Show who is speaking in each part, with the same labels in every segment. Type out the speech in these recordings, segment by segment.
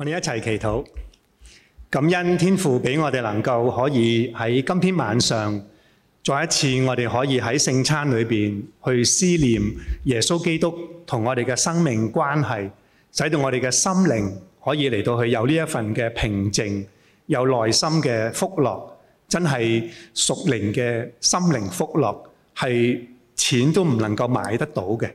Speaker 1: 我哋一齊祈禱，感恩天父俾我哋能夠可以喺今天晚上再一次，我哋可以喺聖餐裏面，去思念耶穌基督同我哋嘅生命關係，使到我哋嘅心靈可以嚟到去有呢一份嘅平靜，有內心嘅福樂，真係屬靈嘅心靈福樂係錢都唔能夠買得到嘅。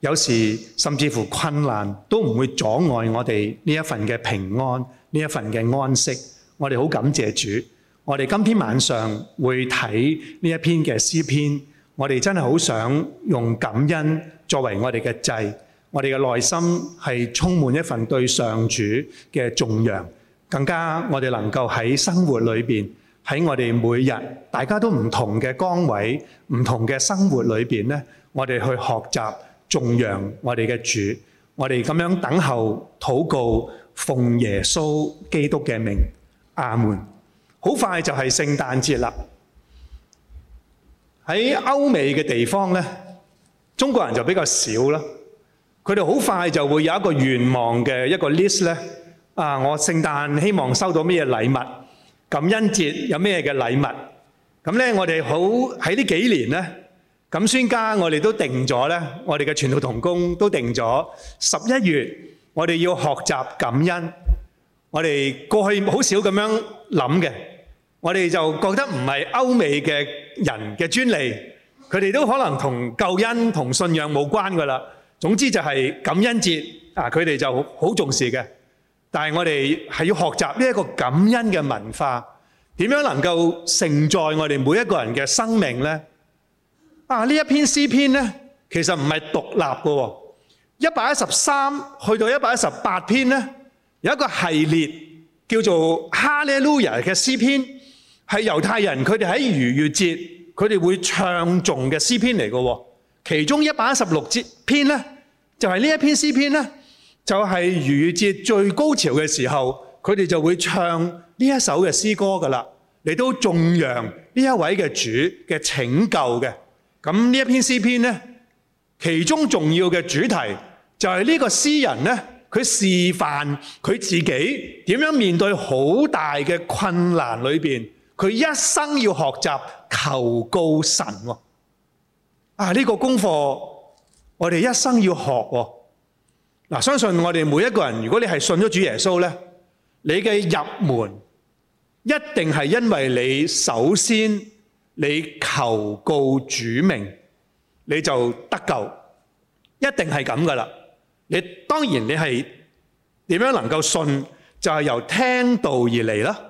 Speaker 1: 有時甚至乎困難都唔會阻礙我哋呢一份嘅平安，呢一份嘅安息。我哋好感謝主。我哋今天晚上會睇呢一篇嘅詩篇，我哋真係好想用感恩作為我哋嘅祭。我哋嘅內心係充滿一份對上主嘅崇仰，更加我哋能夠喺生活裏邊，喺我哋每日大家都唔同嘅崗位、唔同嘅生活裏邊咧，我哋去學習。頌揚我哋嘅主，我哋咁樣等候禱告，奉耶穌基督嘅名，阿門。好快就係聖誕節啦。喺歐美嘅地方咧，中國人就比較少啦。佢哋好快就會有一個願望嘅一個 list 咧。啊，我聖誕希望收到咩禮物？感恩節有咩嘅禮物？咁咧，我哋好喺呢幾年咧。咁宜家，我哋都定咗咧，我哋嘅全路同工都定咗十一月，我哋要學習感恩。我哋過去好少咁樣諗嘅，我哋就覺得唔係歐美嘅人嘅專利，佢哋都可能同救恩同信仰冇關㗎喇。總之就係感恩節啊，佢哋就好重視嘅。但係我哋係要學習呢一個感恩嘅文化，點樣能夠承載我哋每一個人嘅生命咧？啊！呢一篇詩篇呢，其實唔係獨立嘅喎，一百一十三去到一百一十八篇呢，有一個系列叫做哈利路亞嘅詩篇，係猶太人佢哋喺逾越節佢哋會唱誦嘅詩篇嚟嘅喎。其中一百一十六節篇呢，就係呢一篇詩篇呢，就係逾越節最高潮嘅時候，佢哋就會唱呢一首嘅詩歌㗎啦，嚟都頌揚呢一位嘅主嘅拯救嘅。咁呢一篇詩篇咧，其中重要嘅主題就係呢個詩人咧，佢示範佢自己點樣面對好大嘅困難裏邊。佢一生要學習求告神喎、啊。啊！呢、呢個功課我哋一生要學喎、啊。嗱、啊，相信我哋每一個人，如果你係信咗主耶穌咧，你嘅入門一定係因為你首先。你求告主名，你就得救，一定係咁㗎喇。你當然你係點樣能夠信，就係由聽道而嚟啦。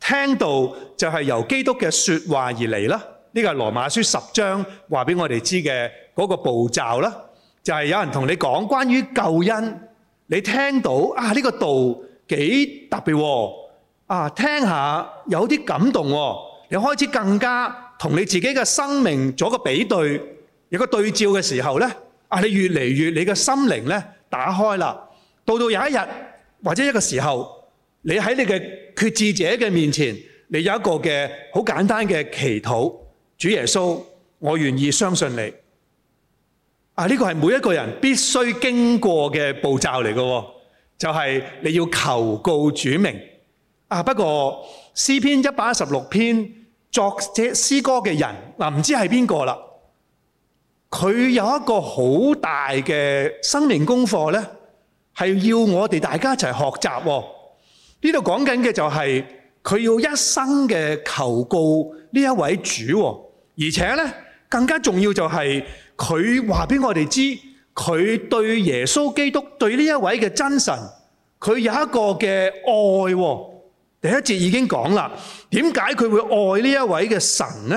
Speaker 1: 聽道就係由基督嘅說話而嚟啦。呢個係羅馬書十章話俾我哋知嘅嗰個步驟啦。就係有人同你講關於救恩，你聽到啊，呢個道幾特別，啊，聽下有啲感動，你開始更加。同你自己嘅生命做個比對，有個對照嘅時候呢，啊，你越嚟越你嘅心靈呢打開啦，到到有一日或者一個時候，你喺你嘅決志者嘅面前，你有一個嘅好簡單嘅祈禱，主耶穌，我願意相信你。啊，呢、這個係每一個人必須經過嘅步驟嚟嘅，就係你要求告主名。啊，不過詩篇一百一十六篇。作者詩歌嘅人嗱，唔知係邊個啦。佢有一個好大嘅生命功課呢，係要我哋大家一齊學習。呢度講緊嘅就係、是、佢要一生嘅求告呢一位主，而且呢，更加重要就係佢話俾我哋知，佢對耶穌基督對呢一位嘅真神，佢有一個嘅愛。第一節已經講啦，點解佢會愛呢一位嘅神呢？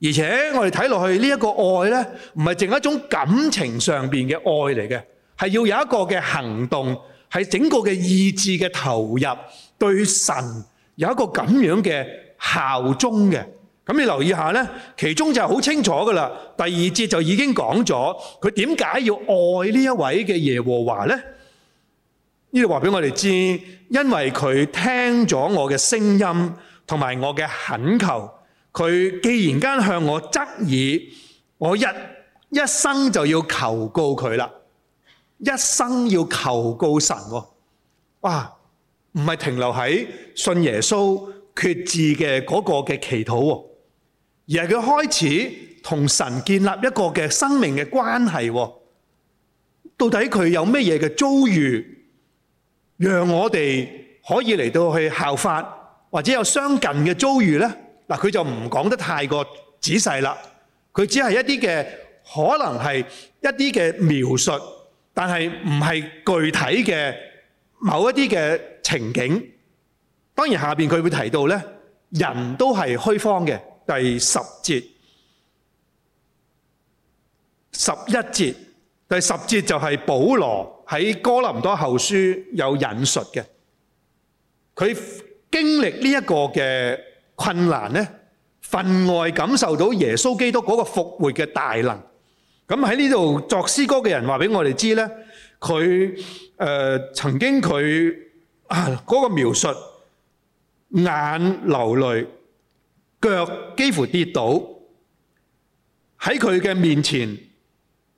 Speaker 1: 而且我哋睇落去呢一個愛呢，唔係淨係一種感情上面嘅愛嚟嘅，係要有一個嘅行動，係整個嘅意志嘅投入，對神有一個咁樣嘅效忠嘅。咁你留意下呢，其中就好清楚噶啦。第二節就已經講咗，佢點解要愛呢一位嘅耶和華呢？呢度話俾我哋知，因為佢聽咗我嘅聲音同埋我嘅懇求，佢既然間向我質疑，我一一生就要求告佢啦，一生要求告神、哦。哇，唔係停留喺信耶穌決志嘅嗰個嘅祈禱、哦，而係佢開始同神建立一個嘅生命嘅關係、哦。到底佢有乜嘢嘅遭遇？讓我哋可以嚟到去效法，或者有相近嘅遭遇呢，嗱，佢就唔講得太過仔細喇。佢只係一啲嘅，可能係一啲嘅描述，但係唔係具體嘅某一啲嘅情景。當然下面佢會提到呢：「人都係虛方」嘅。第十節、十一節。第十節就係保羅喺哥林多後書有引述嘅，佢經歷呢一個嘅困難呢，分外感受到耶穌基督嗰個復活嘅大能。咁喺呢度作詩歌嘅人話俾我哋知呢，佢誒、呃、曾經佢嗰、啊、個描述，眼流淚，腳幾乎跌倒，喺佢嘅面前。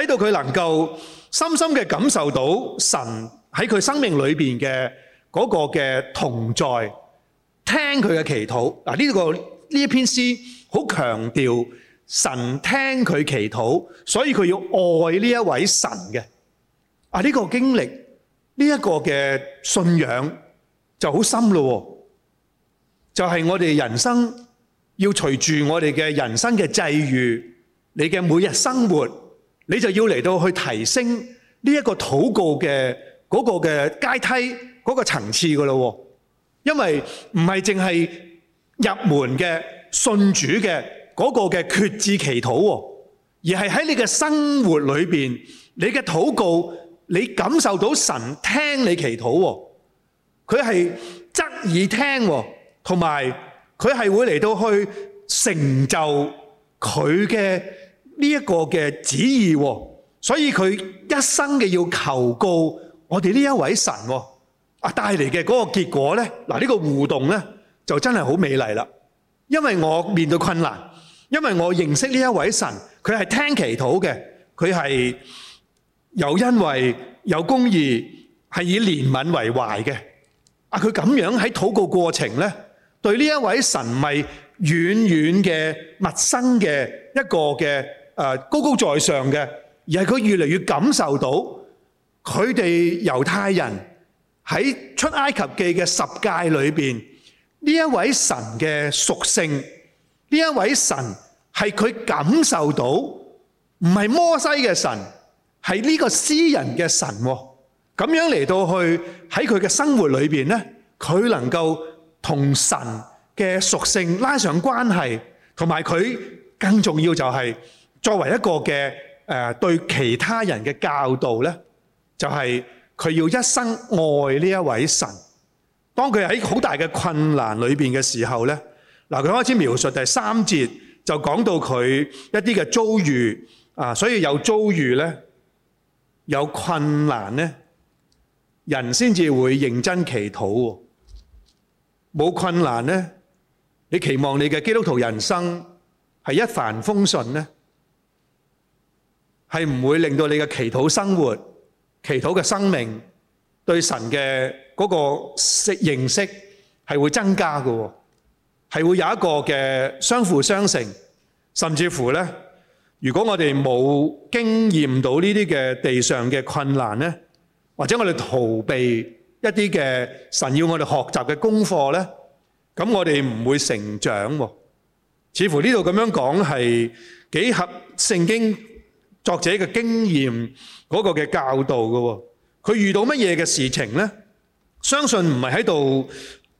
Speaker 1: 使到佢能夠深深嘅感受到神喺佢生命裏邊嘅嗰個嘅同在，聽佢嘅祈禱。啊，呢個呢一篇詩好強調神聽佢祈禱，所以佢要愛呢一位神嘅。啊，呢個經歷呢一個嘅信仰就好深咯。就係我哋人生要隨住我哋嘅人生嘅際遇，你嘅每日生活。你就要嚟到去提升呢一個禱告嘅嗰個嘅階梯嗰個層次噶咯，因為唔係淨係入門嘅信主嘅嗰個嘅決志祈禱，而係喺你嘅生活裏邊，你嘅禱告你感受到神聽你祈禱，佢係側耳聽，同埋佢係會嚟到去成就佢嘅。呢一個嘅旨意，所以佢一生嘅要求告我哋呢一位神，啊帶嚟嘅嗰個結果呢，嗱、這、呢個互動呢，就真係好美麗啦。因為我面對困難，因為我認識呢一位神，佢係聽祈禱嘅，佢係又因為有公義，係以憐憫為懷嘅。啊，佢咁樣喺禱告過程呢，對呢一位神咪遠遠嘅陌生嘅一個嘅。誒，高高在上嘅，而係佢越嚟越感受到佢哋猶太人喺出埃及記嘅十誡裏邊，呢一位神嘅屬性，呢一位神係佢感受到，唔係摩西嘅神，係呢個私人嘅神。咁樣嚟到去喺佢嘅生活裏邊咧，佢能夠同神嘅屬性拉上關係，同埋佢更重要就係。作為一個嘅誒對其他人嘅教導咧，就係佢要一生愛呢一位神。當佢喺好大嘅困難裏面嘅時候咧，嗱佢開始描述第三節就講到佢一啲嘅遭遇啊，所以有遭遇咧，有困難咧，人先至會認真祈禱。冇困難咧，你期望你嘅基督徒人生係一帆風順咧？係唔會令到你嘅祈禱生活、祈禱嘅生命對神嘅嗰個識認識係會增加嘅，係會有一個嘅相輔相成。甚至乎呢，如果我哋冇經驗到呢啲嘅地上嘅困難呢，或者我哋逃避一啲嘅神要我哋學習嘅功課呢，咁我哋唔會成長。似乎呢度咁樣講係幾合聖經。作者嘅經驗嗰、那個嘅教導嘅，佢遇到乜嘢嘅事情呢？相信唔係喺度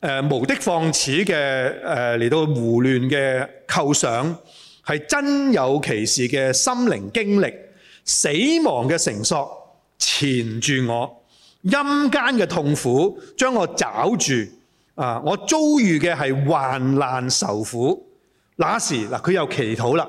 Speaker 1: 誒無的放矢嘅誒嚟到胡亂嘅構想，係真有其事嘅心靈經歷。死亡嘅繩索纏住我，陰間嘅痛苦將我抓住啊！我遭遇嘅係患難愁苦，那時嗱佢又祈禱啦。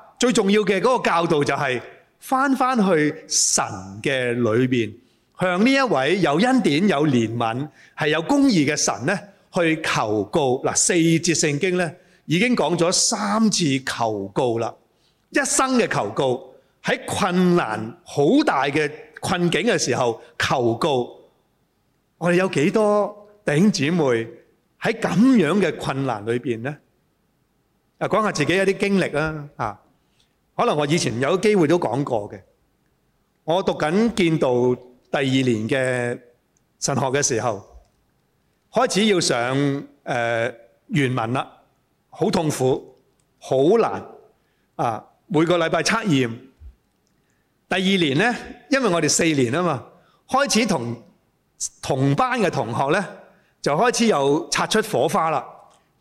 Speaker 1: 最重要嘅嗰個教導就係返返去神嘅裏邊，向呢一位有恩典、有憐憫、係有公義嘅神咧去求告。嗱，四節聖經咧已經講咗三次求告啦，一生嘅求告喺困難好大嘅困境嘅時候求告。我哋有幾多弟兄姊妹喺咁樣嘅困難裏邊咧？啊，講下自己一啲經歷啦，啊。可能我以前有機會都講過嘅，我讀緊建道第二年嘅神學嘅時候，開始要上、呃、原文啦，好痛苦，好難啊！每個禮拜測驗。第二年呢，因為我哋四年啊嘛，開始同同班嘅同學呢，就開始有擦出火花啦，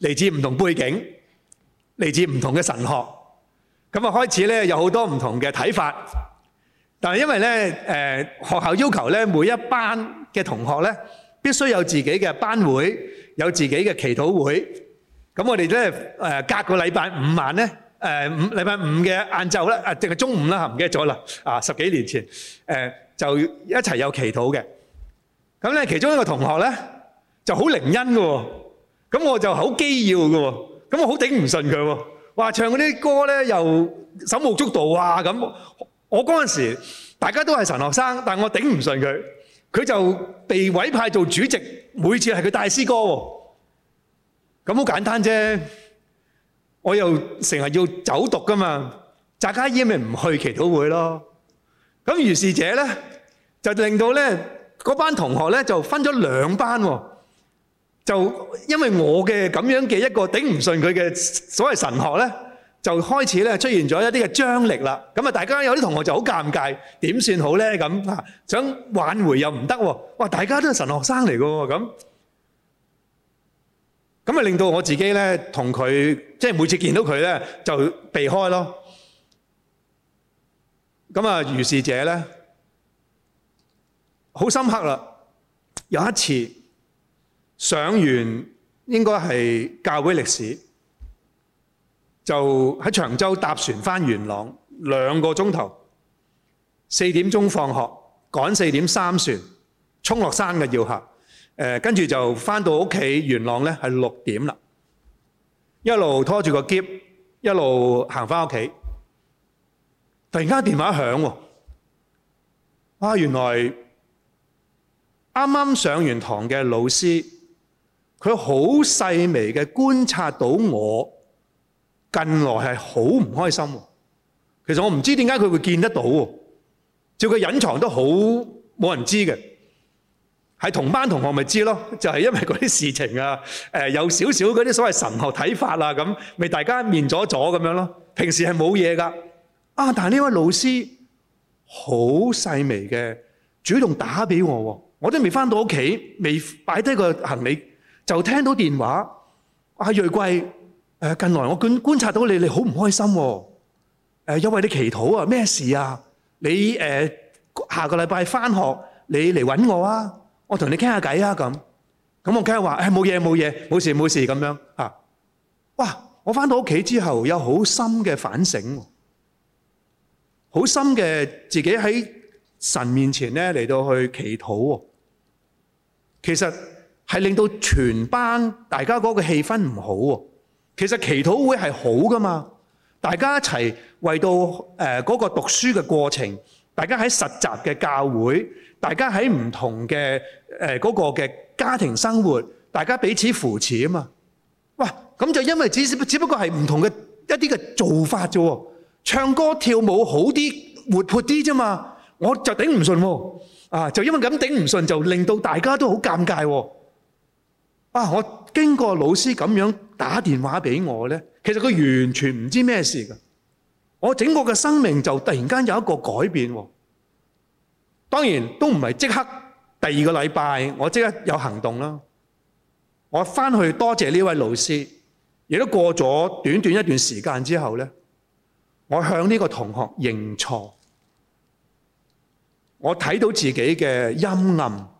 Speaker 1: 嚟自唔同背景，嚟自唔同嘅神學。咁啊開始咧有好多唔同嘅睇法，但係因為咧誒學校要求咧每一班嘅同學咧必須有自己嘅班會，有自己嘅祈禱會。咁我哋咧誒隔個禮拜五晚咧誒五禮拜五嘅晏晝啦，啊定係中午啦嚇，唔記得咗啦。啊十幾年前誒就一齊有祈禱嘅。咁咧其中一個同學咧就好靈恩嘅喎，咁我就好基要嘅喎，咁我好頂唔順佢喎。話唱嗰啲歌咧，又手舞足蹈哇咁。我嗰陣時大家都係神學生，但我頂唔順佢。佢就被委派做主席，每次係佢帶詩歌喎。咁好簡單啫。我又成日要走讀噶嘛，扎卡依咪唔去祈禱會咯。咁於是者咧，就令到咧嗰班同學咧就分咗兩班喎。就因為我嘅咁樣嘅一個頂唔順佢嘅所謂神學咧，就開始咧出現咗一啲嘅張力啦。咁啊，大家有啲同學就好尷尬，點算好咧？咁啊，想挽回又唔得喎。哇，大家都係神學生嚟㗎喎，咁咁啊，令到我自己咧同佢即係每次見到佢咧就避開咯。咁啊，如是者咧好深刻啦。有一次。上完應該係教會歷史，就喺長洲搭船返元朗兩個鐘頭，四點鐘放學趕四點三船，衝落山嘅要客，誒跟住就返到屋企元朗呢係六點啦，一路拖住個喼一路行返屋企，突然間電話響喎。啊，哇原來啱啱上完堂嘅老師。佢好細微嘅觀察到我近來係好唔開心。其實我唔知點解佢會見得到，照佢隱藏得好冇人知嘅，係同班同學咪知咯。就係因為嗰啲事情啊，誒有少少嗰啲所謂神學睇法啦，咁咪大家面阻阻咁樣咯。平時係冇嘢噶，啊！但係呢位老師好細微嘅主動打俾我，我都未翻到屋企，未擺低個行李。就聽到電話，阿裔貴，誒近來我觀觀察到你，你好唔開心喎、啊呃，因又為你祈禱啊，咩事啊？你誒、呃、下個禮拜返學，你嚟揾我啊，我同你傾下偈啊，咁，咁我梗係話，誒冇嘢冇嘢，冇事冇事咁樣嚇、啊。哇！我返到屋企之後，有好深嘅反省，好深嘅自己喺神面前咧嚟到去祈禱、啊，其實。係令到全班大家嗰個氣氛唔好喎、啊。其實祈禱會係好噶嘛，大家一齊為到誒嗰、呃嗰個讀書嘅過程，大家喺實習嘅教會，大家喺唔同嘅誒嗰個嘅家庭生活，大家彼此扶持啊嘛。哇，咁就因為只只不過係唔同嘅一啲嘅做法啫喎，唱歌跳舞好啲活潑啲啫嘛，我就頂唔順喎。啊，就因為咁頂唔順，就令到大家都好尷尬喎、啊。啊！我經過老師咁樣打電話俾我呢，其實佢完全唔知咩事㗎。我整個嘅生命就突然間有一個改變喎。當然都唔係即刻第二個禮拜，我即刻有行動囉。我返去多謝呢位老師，亦都過咗短短一段時間之後呢，我向呢個同學認錯。我睇到自己嘅陰暗。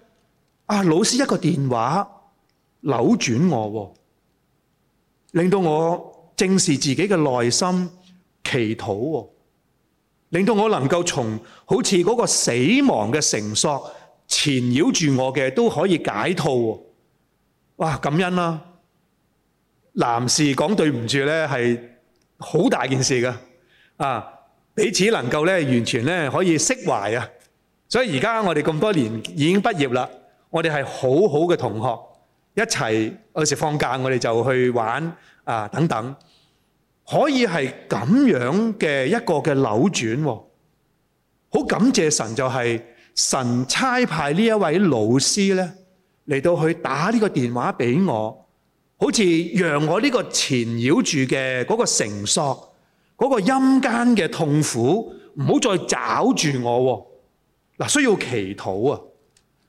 Speaker 1: 啊！老師一個電話扭轉我，令到我正視自己嘅內心祈禱，令到我能夠從好似嗰個死亡嘅繩索纏繞住我嘅都可以解套。哇！感恩啦、啊！男士講對唔住呢係好大件事嘅啊！彼此能夠完全可以釋懷啊！所以而家我哋咁多年已經畢業啦。我哋係好好嘅同學，一齊有時放假我哋就去玩啊等等，可以係咁樣嘅一個嘅扭轉、哦，好感謝神就係神差派呢一位老師呢嚟到去打呢個電話俾我，好似讓我呢個纏繞住嘅嗰個繩索、嗰、嗰個陰間嘅痛苦唔好再找住我、哦，嗱、啊、需要祈禱啊！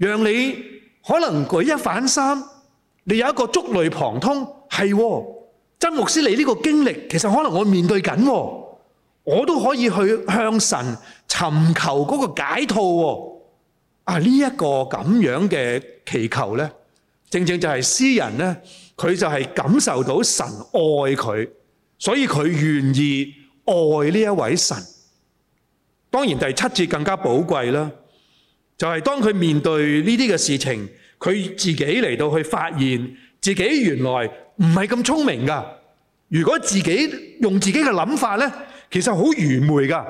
Speaker 1: 讓你可能舉一反三，你有一個觸類旁通。喎，曾牧師，你呢個經歷，其實可能我面對緊，我都可以去向神尋求嗰個解套啊，呢一個咁樣嘅祈求呢，正正就是詩人呢，佢就係感受到神愛佢，所以佢願意愛呢一位神。當然，第七節更加寶貴啦。就係當佢面對呢啲嘅事情，佢自己嚟到去發現自己原來唔係咁聰明噶。如果自己用自己嘅諗法呢，其實好愚昧噶。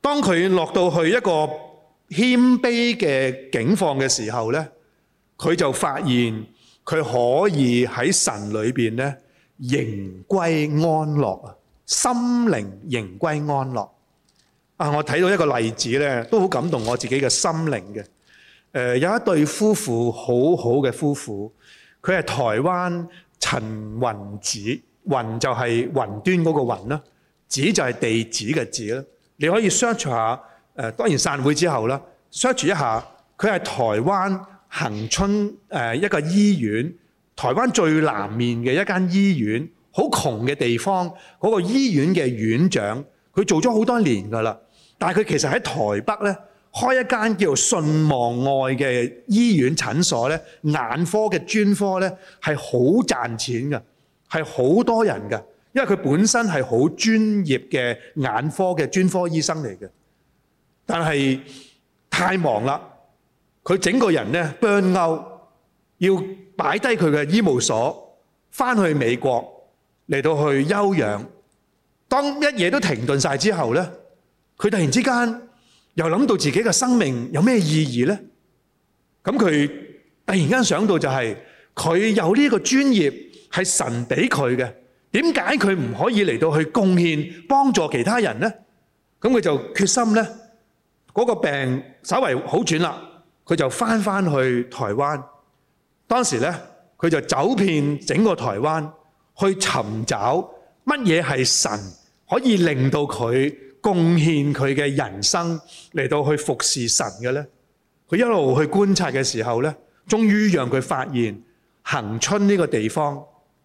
Speaker 1: 當佢落到去一個謙卑嘅境況嘅時候呢，佢就發現佢可以喺神裏邊呢，仍歸安樂啊，心靈仍歸安樂。我睇到一個例子咧，都好感動我自己嘅心靈嘅、呃。有一對夫婦，好好嘅夫婦。佢係台灣陳雲址，雲就係雲端嗰個雲啦，址就係地址嘅址啦。你可以 search 下誒、呃，當然散會之後啦，search 一下，佢係台灣恒春一個醫院，台灣最南面嘅一間醫院，好窮嘅地方嗰、那個醫院嘅院長，佢做咗好多年噶啦。但係佢其實喺台北咧開一間叫做信望愛嘅醫院診所咧，眼科嘅專科咧係好賺錢嘅，係好多人嘅，因為佢本身係好專業嘅眼科嘅專科醫生嚟嘅。但係太忙啦，佢整個人咧 burn out， 要擺低佢嘅醫務所，翻去美國嚟到去休養。當乜嘢都停頓晒之後咧。佢突然之間又諗到自己嘅生命有咩意義呢？咁佢突然間想到就係佢有呢個專業係神俾佢嘅，點解佢唔可以嚟到去貢獻幫助其他人呢？咁佢就決心呢，嗰個病稍為好轉啦，佢就返返去台灣。當時呢，佢就走遍整個台灣去尋找乜嘢係神可以令到佢。貢獻佢嘅人生嚟到去服侍神嘅呢，佢一路去觀察嘅時候呢，終於讓佢發現恆春呢個地方，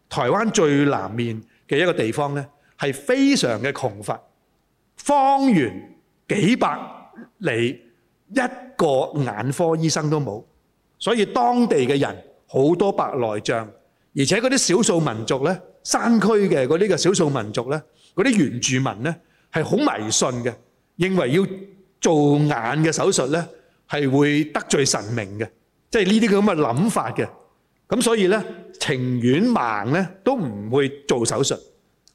Speaker 1: 台灣最南面嘅一個地方呢，係非常嘅窮乏，方圓幾百里一個眼科醫生都冇，所以當地嘅人好多白內障，而且嗰啲少數民族呢，山區嘅嗰啲嘅少數民族呢，嗰啲原住民呢。係好迷信嘅，認為要做眼嘅手術咧，係會得罪神明嘅，即係呢啲咁嘅諗法嘅。咁所以咧，情願盲咧都唔會做手術。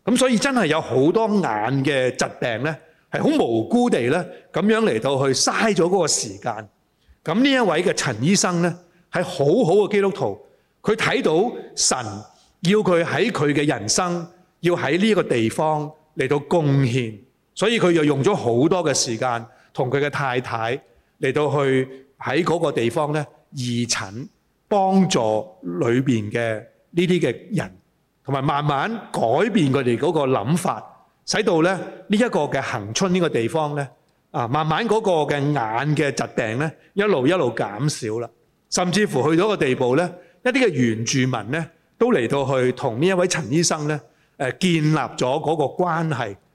Speaker 1: 咁所以真係有好多眼嘅疾病咧，係好無辜地咧咁樣嚟到去嘥咗嗰個時間。咁呢一位嘅陳醫生咧，係好好嘅基督徒，佢睇到神要佢喺佢嘅人生，要喺呢個地方嚟到貢獻。所以佢又用咗好多嘅時間，同佢嘅太太嚟到去喺嗰個地方咧義診，幫助裏邊嘅呢啲嘅人，同埋慢慢改變佢哋嗰個諗法，使到咧呢一個嘅恆春呢個地方咧啊，慢慢嗰個嘅眼嘅疾病咧一路一路減少啦，甚至乎去到一個地步咧，一啲嘅原住民咧都嚟到去同呢一位陳醫生咧誒建立咗嗰個關係。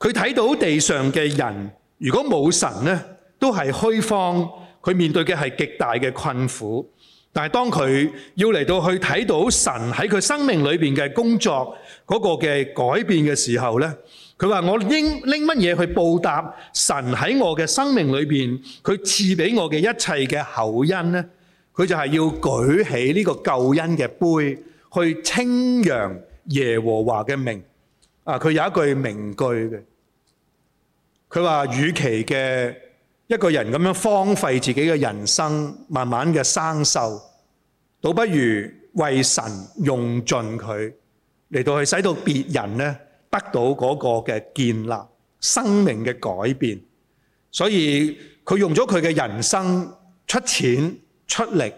Speaker 1: 佢睇到地上嘅人，如果冇神咧，都係虛荒；佢面對嘅係極大嘅困苦。但係當佢要嚟到去睇到神喺佢生命裏邊嘅工作嗰個嘅改變嘅時候咧，佢話：我應拎乜嘢去報答神喺我嘅生命裏邊佢賜俾我嘅一切嘅厚恩呢？佢就係要舉起呢個救恩嘅杯，去稱揚耶和華嘅名。佢、啊、有一句名句嘅，佢話：與其嘅一個人咁樣荒廢自己嘅人生，慢慢嘅生鏽，倒不如為神用盡佢，嚟到去使到別人咧得到嗰個嘅建立、生命嘅改變。所以佢用咗佢嘅人生出錢出力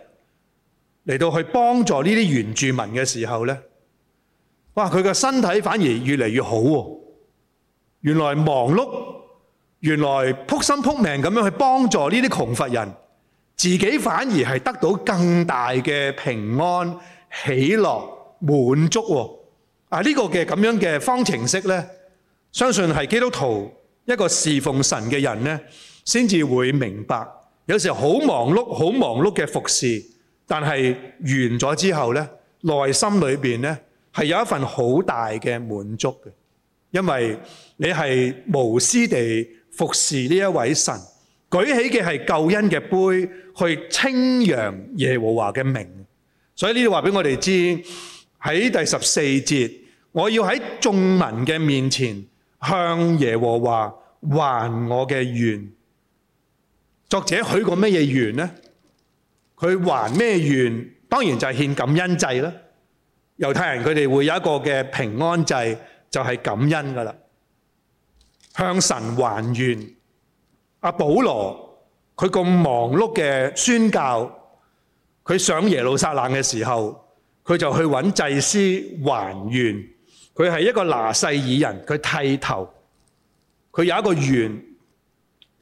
Speaker 1: 嚟到去幫助呢啲原住民嘅時候咧。哇！佢嘅身體反而越嚟越好喎、哦。原來忙碌，原來撲心撲命咁樣去幫助呢啲窮乏人，自己反而係得到更大嘅平安、喜樂、滿足喎、哦。啊，呢、這個嘅咁樣嘅方程式咧，相信係基督徒一個侍奉神嘅人咧，先至會明白。有時候好忙碌、好忙碌嘅服侍，但係完咗之後咧，內心裏面咧～係有一份好大嘅滿足嘅，因為你係無私地服侍呢一位神，舉起嘅係救恩嘅杯，去清揚耶和華嘅名。所以呢度話俾我哋知喺第十四節，我要喺眾民嘅面前向耶和華還我嘅願。作者許過咩嘢願呢？佢還咩願？當然就係獻感恩祭啦。猶太人佢哋會有一個嘅平安祭，就係、是、感恩㗎喇。向神還願。阿、啊、保羅佢咁忙碌嘅宣教，佢上耶路撒冷嘅時候，佢就去搵祭司還願。佢係一個拿細耳人，佢剃頭，佢有一個願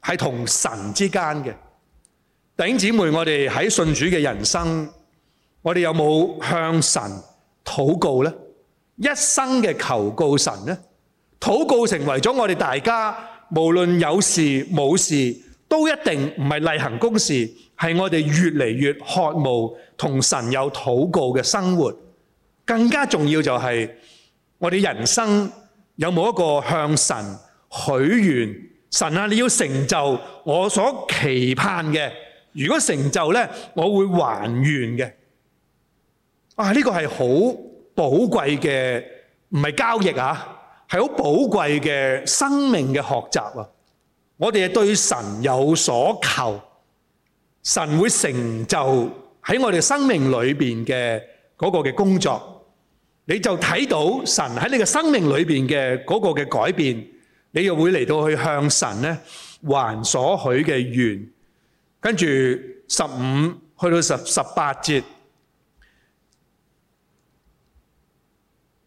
Speaker 1: 係同神之間嘅。弟兄姊妹，我哋喺信主嘅人生，我哋有冇向神？禱告呢一生嘅求告神呢，禱告成為咗我哋大家，無論有事冇事，都一定唔係例行公事，係我哋越嚟越渴慕同神有禱告嘅生活。更加重要就係我哋人生有冇有一個向神許願，神啊，你要成就我所期盼嘅，如果成就呢，我會還願嘅。啊！呢個係好寶貴嘅，唔係交易啊，係好寶貴嘅生命嘅學習啊！我哋對神有所求，神會成就喺我哋生命裏邊嘅嗰個嘅工作。你就睇到神喺你嘅生命裏邊嘅嗰個嘅改變，你又會嚟到去向神咧還所許嘅願。跟住十五去到十十八節。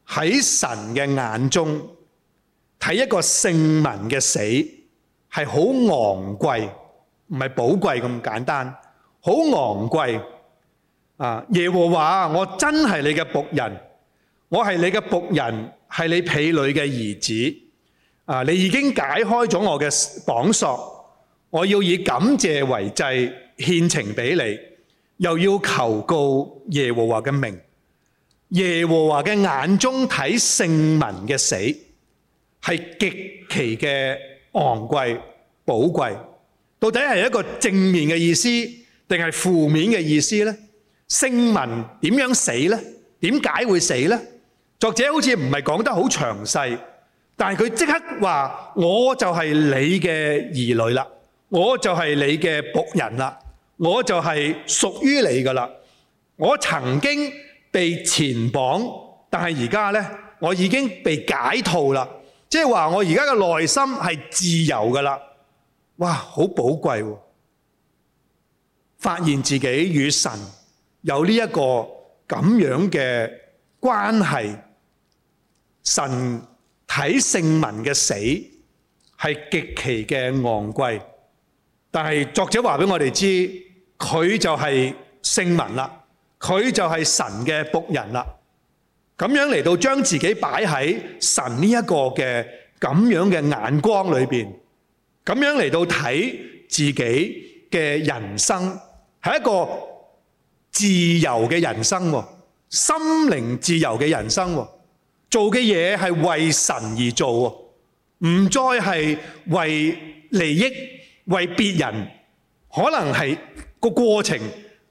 Speaker 1: 喺神嘅眼中睇一個聖民嘅死係好昂貴，唔係寶貴咁簡單，好昂貴。啊，耶和華，我真係你嘅僕人，我係你嘅僕人，係你婢女嘅兒子。啊，你已經解開咗我嘅綁索，我要以感謝為祭獻呈俾你，又要求告耶和華嘅名。耶和華嘅眼中睇聖民嘅死，係極其嘅昂貴寶貴。到底係一個正面嘅意思，定係負面嘅意思呢？聖民點樣死呢？點解會死呢？作者好似唔係講得好詳細，但係佢即刻話：我就係你嘅兒女啦，我就係你嘅僕人啦，我就係屬於你噶啦。我曾經。被前綁，但係而家呢，我已經被解套啦，即係話，就是、說我而家嘅內心係自由嘅啦哇，好寶貴，啊！發現自己與神有呢、這、一個咁樣嘅關係，神睇聖民嘅死係極其嘅昂貴，但係作者話俾我哋知，佢就係聖民啦佢就係神嘅僕人啦，咁樣嚟到將自己擺喺神呢一個嘅咁樣嘅眼光裏邊，咁樣嚟到睇自己嘅人生係一個自由嘅人生，心靈自由嘅人生，做嘅嘢係為神而做，唔再係為利益、為別人，可能係個過程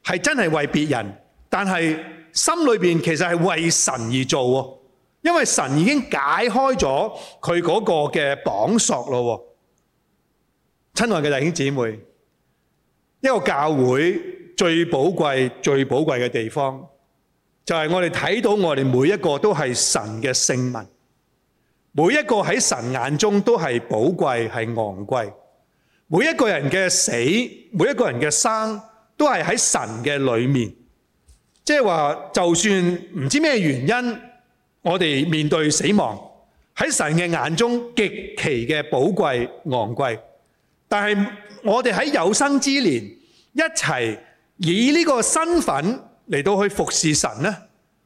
Speaker 1: 係真係為別人。但係心裏面其實係為神而做喎，因為神已經解開咗佢嗰個嘅綁索咯。親愛嘅弟兄姊妹，一個教會最寶貴、最寶貴嘅地方，就係我哋睇到我哋每一個都係神嘅聖民，每一個喺神眼中都係寶貴、係昂貴。每一個人嘅死，每一個人嘅生，都係喺神嘅裏面。即係話，就算唔知咩原因，我哋面對死亡，喺神嘅眼中極其嘅寶貴、昂貴。但係我哋喺有生之年，一齊以呢個身份嚟到去服侍神呢，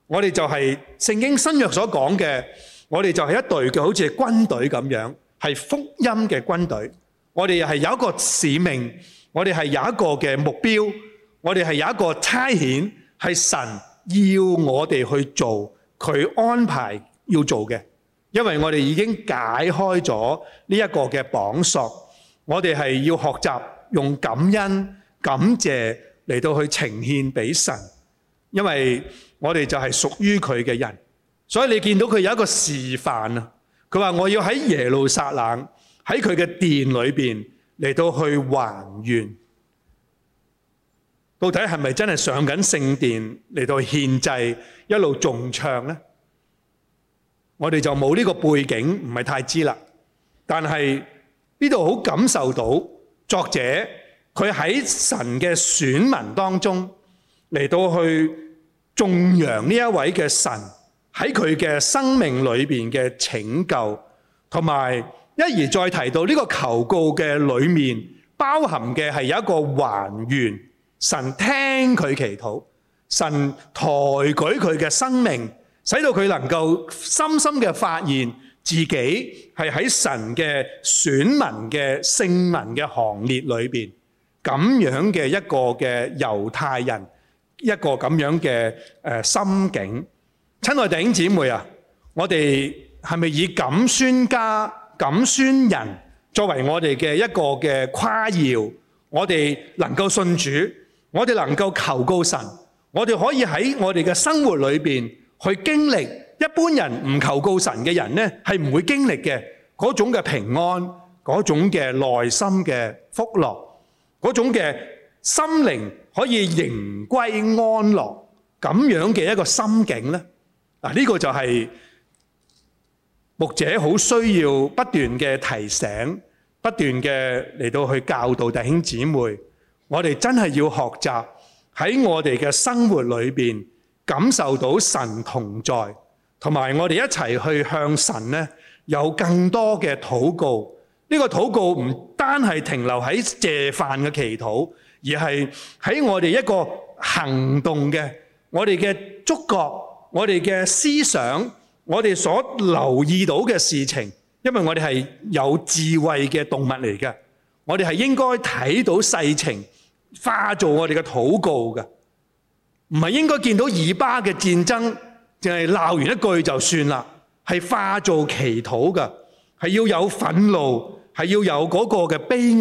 Speaker 1: 我哋就係、是、聖經新約所講嘅，我哋就係一隊嘅，好似軍隊咁樣，係福音嘅軍隊。我哋又係有一個使命，我哋係有一個嘅目標，我哋係有一個差遣。係神要我哋去做，佢安排要做嘅，因為我哋已經解開咗呢一個嘅綁索，我哋係要學習用感恩、感謝嚟到去呈獻俾神，因為我哋就係屬於佢嘅人。所以你見到佢有一個示範啊，佢話我要喺耶路撒冷喺佢嘅殿裏面嚟到去還願。到底係咪真係上緊聖殿嚟到獻祭，一路重唱咧？我哋就冇呢個背景，唔係太知啦。但係呢度好感受到作者佢喺神嘅選民當中嚟到去頌揚呢一位嘅神喺佢嘅生命裏邊嘅拯救，同埋一而再提到呢個求告嘅裏面包含嘅係有一個還原。神聽佢祈禱，神抬舉佢嘅生命，使到佢能夠深深嘅發現自己係喺神嘅選民嘅聖民嘅行列裏邊。咁樣嘅一個嘅猶太人，一個咁樣嘅誒心境。親愛弟兄姊妹啊，我哋係咪以咁宣家、咁宣人作為我哋嘅一個嘅誇耀？我哋能夠信主。我哋能夠求告神，我哋可以喺我哋嘅生活裏邊去經歷一般人唔求告神嘅人呢，係唔會經歷嘅嗰種嘅平安，嗰種嘅內心嘅福樂，嗰種嘅心靈可以仍歸安樂咁樣嘅一個心境呢。嗱，呢個就係牧者好需要不斷嘅提醒，不斷嘅嚟到去教導弟兄姊妹。我哋真係要學習喺我哋嘅生活裏邊感受到神同在，同埋我哋一齊去向神咧有更多嘅禱告。呢個禱告唔單係停留喺謝飯嘅祈禱，而係喺我哋一個行動嘅，我哋嘅觸覺，我哋嘅思想，我哋所留意到嘅事情。因為我哋係有智慧嘅動物嚟嘅，我哋係應該睇到世情。化做我哋嘅禱告嘅，唔係應該見到以巴嘅戰爭，淨係鬧完一句就算啦。係化做祈禱嘅，係要有憤怒，係要有嗰個嘅悲哀，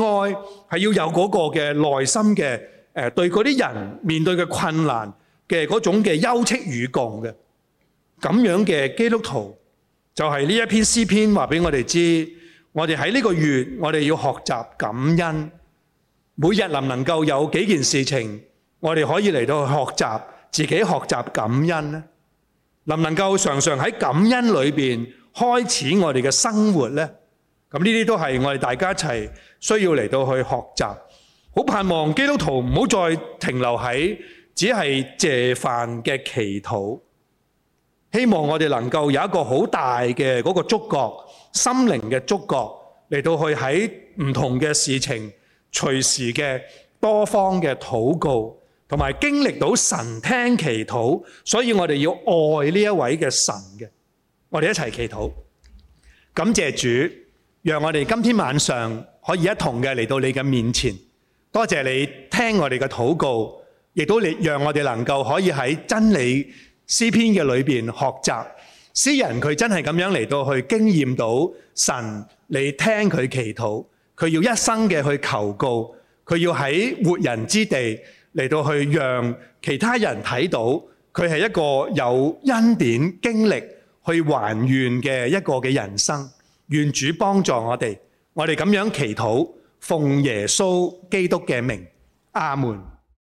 Speaker 1: 係要有嗰個嘅內心嘅誒，對嗰啲人面對嘅困難嘅嗰種嘅休戚與共嘅。咁樣嘅基督徒就係呢一篇詩篇話俾我哋知，我哋喺呢個月，我哋要學習感恩。每日能唔能夠有幾件事情，我哋可以嚟到去學習，自己學習感恩呢？能唔能夠常常喺感恩裏面開始我哋嘅生活呢？咁呢啲都係我哋大家一齊需要嚟到去學習。好盼望基督徒唔好再停留喺只係謝飯嘅祈禱，希望我哋能夠有一個好大嘅嗰個觸覺，心靈嘅觸覺嚟到去喺唔同嘅事情。隨時嘅多方嘅禱告，同埋經歷到神聽祈禱，所以我哋要愛呢一位嘅神嘅。我哋一齊祈禱，感謝主，讓我哋今天晚上可以一同嘅嚟到你嘅面前。多謝你聽我哋嘅禱告，亦都你讓我哋能夠可以喺真理詩篇嘅裏面學習。詩人佢真係咁樣嚟到去經驗到神，你聽佢祈禱。佢要一生嘅去求告，佢要喺活人之地嚟到去讓其他人睇到，佢係一個有恩典經歷去還願嘅一個嘅人生。願主幫助我哋，我哋咁樣祈禱，奉耶穌基督嘅名，阿門。